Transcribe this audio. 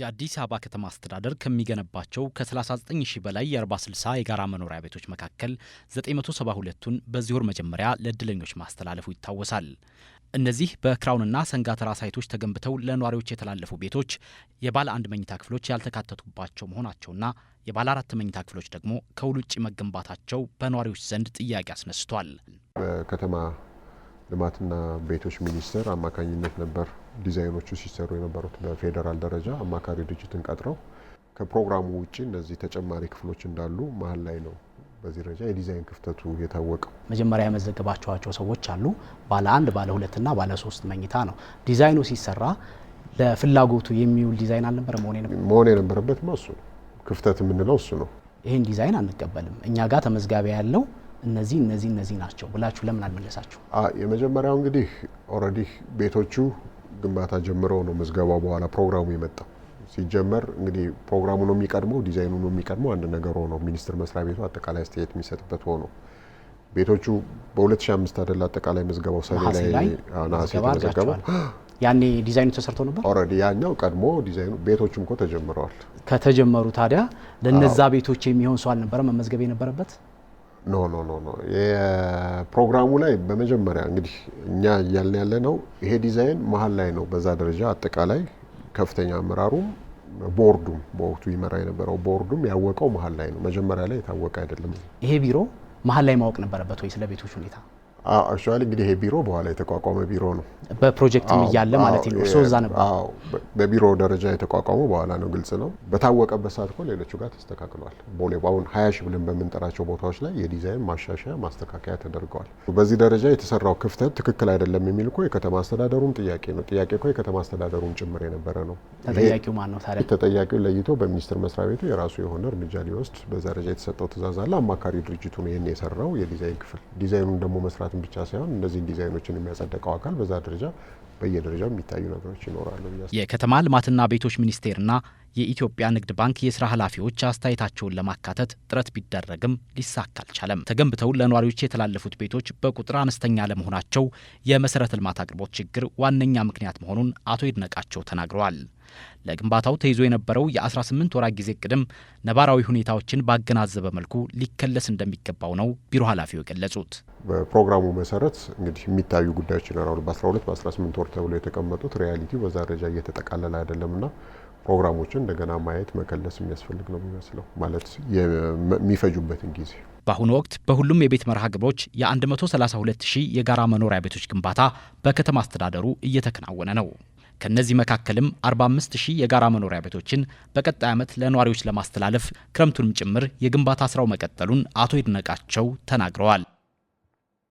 የአዲስ አበባ ከተማ አስተዳደር ከሚገነባቸው ከ39000 በላይ የ40/60 የጋራ መኖሪያ ቤቶች መካከል 972ቱን በዚህ ወር መጀመሪያ ለእድለኞች ማስተላለፉ ይታወሳል። እነዚህ በክራውንና ሰንጋተራ ሳይቶች ተገንብተው ለነዋሪዎች የተላለፉ ቤቶች የባለ አንድ መኝታ ክፍሎች ያልተካተቱባቸው መሆናቸውና የባለ አራት መኝታ ክፍሎች ደግሞ ከውል ውጭ መገንባታቸው በነዋሪዎች ዘንድ ጥያቄ አስነስቷል። በከተማ ልማትና ቤቶች ሚኒስቴር አማካኝነት ነበር ዲዛይኖቹ ሲሰሩ የነበሩት በፌዴራል ደረጃ አማካሪ ድርጅትን ቀጥረው። ከፕሮግራሙ ውጭ እነዚህ ተጨማሪ ክፍሎች እንዳሉ መሀል ላይ ነው በዚህ ደረጃ የዲዛይን ክፍተቱ የታወቀው። መጀመሪያ የመዘገባቸዋቸው ሰዎች አሉ። ባለ አንድ ባለ ና ባለ ሶስት መኝታ ነው ዲዛይኑ ሲሰራ ለፍላጎቱ የሚውል ዲዛይን አልነበረ መሆን የነበረበት እሱ ክፍተት የምንለው እሱ ነው። ይህን ዲዛይን አንቀበልም እኛ ጋር ተመዝጋቢያ ያለው እነዚህ እነዚህ እነዚህ ናቸው ብላችሁ ለምን አልመለሳችሁ? የመጀመሪያው እንግዲህ ኦልሬዲ ቤቶቹ ግንባታ ጀምረው ነው ምዝገባው በኋላ ፕሮግራሙ የመጣው ሲጀመር እንግዲህ ፕሮግራሙ ነው የሚቀድመው፣ ዲዛይኑ ነው የሚቀድመው። አንድ ነገር ሆኖ ሚኒስቴር መስሪያ ቤቱ አጠቃላይ አስተያየት የሚሰጥበት ሆኖ ቤቶቹ በ2005 አይደል አጠቃላይ ምዝገባው ሰኔ ላይ ነሐሴ የተመዘገበው ያኔ ዲዛይኑ ተሰርቶ ነበር ኦልሬዲ ያኛው ቀድሞ ዲዛይኑ ቤቶቹም እኮ ተጀምረዋል። ከተጀመሩ ታዲያ ለነዛ ቤቶች የሚሆን ሰው አልነበረ መመዝገብ የነበረበት ኖ ኖ ኖ ኖ የፕሮግራሙ ላይ በመጀመሪያ እንግዲህ እኛ እያልን ያለ ነው ይሄ ዲዛይን መሀል ላይ ነው። በዛ ደረጃ አጠቃላይ ከፍተኛ አመራሩም ቦርዱም በወቅቱ ይመራ የነበረው ቦርዱም ያወቀው መሀል ላይ ነው። መጀመሪያ ላይ የታወቀ አይደለም። ይሄ ቢሮ መሀል ላይ ማወቅ ነበረበት ወይ ስለ ቤቶች ሁኔታ? አክቹዋሊ እንግዲህ ይሄ ቢሮ በኋላ የተቋቋመ ቢሮ ነው። በፕሮጀክትም እያለ ማለት ነው። እርሶ እዛ ነበር? በቢሮ ደረጃ የተቋቋመ በኋላ ነው። ግልጽ ነው። በታወቀበት ሰዓት እኮ ሌሎቹ ጋር ተስተካክሏል። ቦሌ አሁን ሀያ ሺ ብለን በምንጠራቸው ቦታዎች ላይ የዲዛይን ማሻሻያ ማስተካከያ ተደርገዋል። በዚህ ደረጃ የተሰራው ክፍተት ትክክል አይደለም የሚል እኮ የከተማ አስተዳደሩም ጥያቄ ነው። ጥያቄ እኮ የከተማ አስተዳደሩም ጭምር የነበረ ነው። ተጠያቂው ማን ነው ታዲያ? ተጠያቂው ለይቶ በሚኒስቴር መስሪያ ቤቱ የራሱ የሆነ እርምጃ ሊወስድ በዛ ደረጃ የተሰጠው ትእዛዝ አለ። አማካሪ ድርጅቱ ነው ይህን የሰራው የዲዛይን ክፍል ዲዛይኑን ደግሞ መስራት ማለትም ብቻ ሳይሆን እነዚህን ዲዛይኖችን የሚያጸደቀው አካል በዛ ደረጃ በየደረጃው የሚታዩ ነገሮች ይኖራሉ። የከተማ ልማትና ቤቶች ሚኒስቴርና የኢትዮጵያ ንግድ ባንክ የስራ ኃላፊዎች አስተያየታቸውን ለማካተት ጥረት ቢደረግም ሊሳካ አልቻለም። ተገንብተው ለነዋሪዎች የተላለፉት ቤቶች በቁጥር አነስተኛ ለመሆናቸው የመሰረተ ልማት አቅርቦት ችግር ዋነኛ ምክንያት መሆኑን አቶ ይድነቃቸው ተናግረዋል። ለግንባታው ተይዞ የነበረው የ18 ወራት ጊዜ ቅድም ነባራዊ ሁኔታዎችን ባገናዘበ መልኩ ሊከለስ እንደሚገባው ነው ቢሮ ኃላፊው የገለጹት። በፕሮግራሙ መሰረት እንግዲህ የሚታዩ ጉዳዮች ይኖራሉ። በ12 በ18 ወር ተብሎ የተቀመጡት ሪያሊቲው በዛ ደረጃ እየተጠቃለለ አይደለምና ፕሮግራሞችን እንደገና ማየት መከለስ የሚያስፈልግ ነው የሚመስለው፣ ማለት የሚፈጁበትን ጊዜ። በአሁኑ ወቅት በሁሉም የቤት መርሃ ግብሮች የ132 ሺህ የጋራ መኖሪያ ቤቶች ግንባታ በከተማ አስተዳደሩ እየተከናወነ ነው። ከእነዚህ መካከልም 45 ሺህ የጋራ መኖሪያ ቤቶችን በቀጣይ ዓመት ለነዋሪዎች ለማስተላለፍ ክረምቱንም ጭምር የግንባታ ስራው መቀጠሉን አቶ ይድነቃቸው ተናግረዋል።